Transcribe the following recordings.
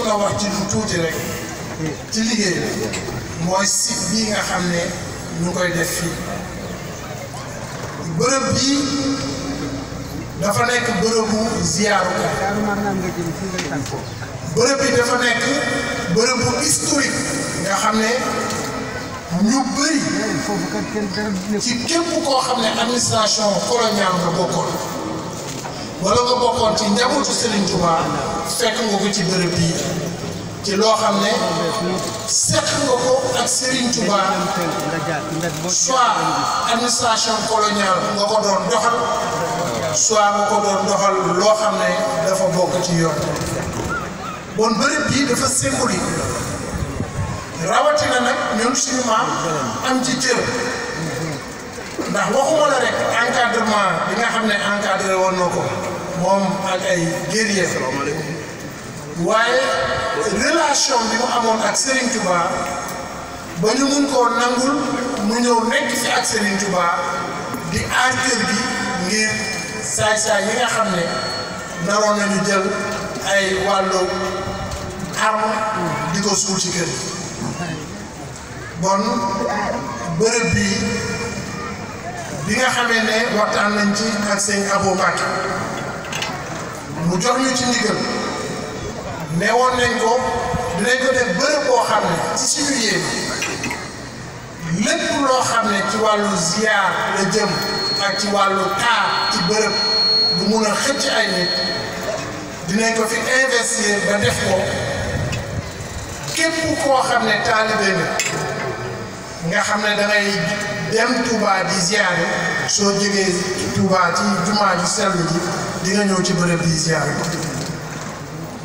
bëgg a wax ci lu tuuti rek ci liggéey bi mooy site bii nga xam ne ñu koy def fii bërëb bii dafa nekk bërëbu ziyaarukaay bërëb bi dafa nekk bërëbu historique nga xam ne ñu bëri ci képp koo xam ne administration coloniale nga bokkoon wala nga bokkoon ci njabootu Serigne Touba. fekk nga ko ci bërëb yi ci loo xam ne seq nga ko ak Serigne Touba soit administration coloniale nga ko doon doxal soit nga ko doon doxal loo xam ne dafa bokk ci yoon bon bërëb bii dafa symbolique rawatina nag ñun suñu maam am ci cër ndax waxuma la rek encadrement bi nga xam ne encadré woon ko moom ak ay guerrier salaamaaleykum waaye relation bi mu amoon ak Serigne Touba ba ñu mun koo nangul mu ñëw nekk fi ak Serigne Touba di aar kër gi ngir saay-saay yi nga xam ne naroon nañu jël ay wàllu am di ko suul ci kër bon bërëb bi bi nga xamee ne waxtaan nañ ci ak sëñ Abou Mbacke mu jox ñu ci ndigal. neewoon nañ ko dinañ ko def bërëb boo xam ne ci suñu yéen lépp loo xam ne ci wàllu ziar la jëm ak ci wàllu taar ci bërëb bu mun a xëcc ay nit dinañ ko fi investir ba def ko képp koo xam ne taalibe la nga xam ne dangay dem Touba di ziare soo jógee Touba ci jumaa ju sell ji di nga ñëw ci bërëb di ziare ko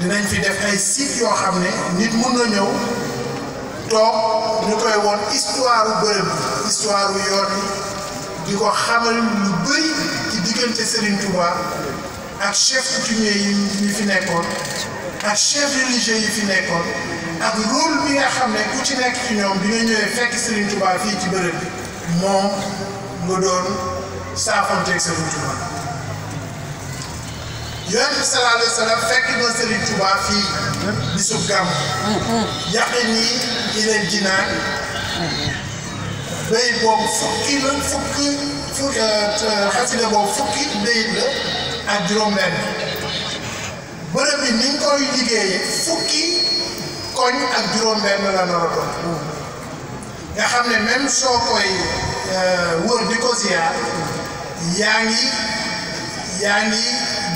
dinañ fi def ay site yoo xam ne nit mun ñëw toog ñu koy woon histoire u bërëb histoire u yoon di ko xamal lu bëri ci diggante Serigne Touba ak chef coutumier yi ñu fi nekkoon ak chef religieux yi fi nekkoon ak rôle bi nga xam ne ku ci nekk ci ñoom bi nga ñëwee fekk Serigne Touba fii ci bërëb bi moom nga doon saafanteeg Serigne Touba. yonent bi sallallahu alayhi wa sallam fekk na Serigne fii bisu gàmm yaqin yi ilal jinaan béy fukki la fukki fukki euh, xasida boobu fukki béyit la ak juróom-benn bërëb bi ni ñu koy fukki koñ ak juróom-benn la nar xam ne même soo koy euh, wër di ko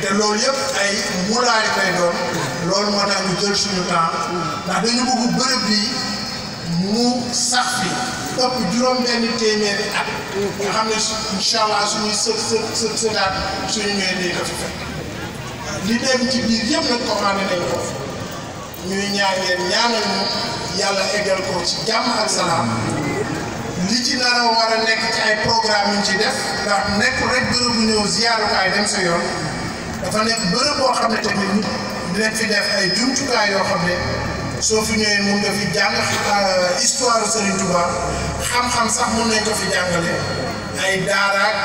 te loolu yëpp ay mulaay lay doon loolu moo tax ñu jël suñu temps ndax dañu bëgg bërëb bi mu sax fi ëpp juróom-benn téeméeri at nga xam ne incha allah suñuy së suñu ñëwee day ko li dem ci biir yëpp nag commandé nañ ko ñuy ñaan ngeen ñaanal ñu yàlla eggal ko ci jàmm ak salaam li ci nar a war a nekk ci ay programme yu ñu ci def ndax nekk rek bërëbu ñëw ziarukaay dem sa yoon. dafa nekk bërëb boo xam ne tamit nit fi def ay jumtukaay yoo xam ne soo fi ñëwee mun nga fi jàng euh, histoire Serigne Touba xam-xam sax mun nañ fi jàngale ay daaraak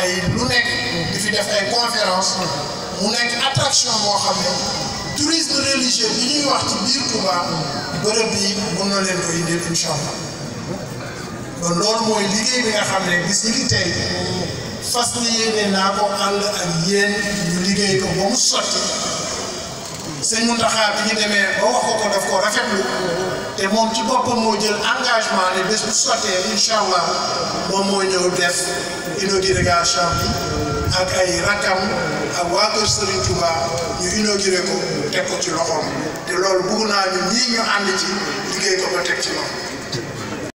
ay lu nekk di fi def ay conférence mu nekk attraction boo xam ne tourisme religieux bi ñuy wax ci biir Touba bërëb bi mun na leen ko indil incha allah kon loolu mooy liggéey bi nga xam ne bis ñi fas na yéene naa ko ànd ak yéen ñu liggéey ko ba mu sotti sëñ Muntaxa bi ñu demee ba wax ko ko daf ko te moom ci boppam moo jël engagement ne bés bu sottee incha allah moom moo ñëw def inauguration bi ak ay rakkam ak waa kër Serigne Touba ñu inauguré ko teg ko ci loxoom te loolu bugg naa ñu ñii ñu ànd ci liggéey ko teg ci loxo.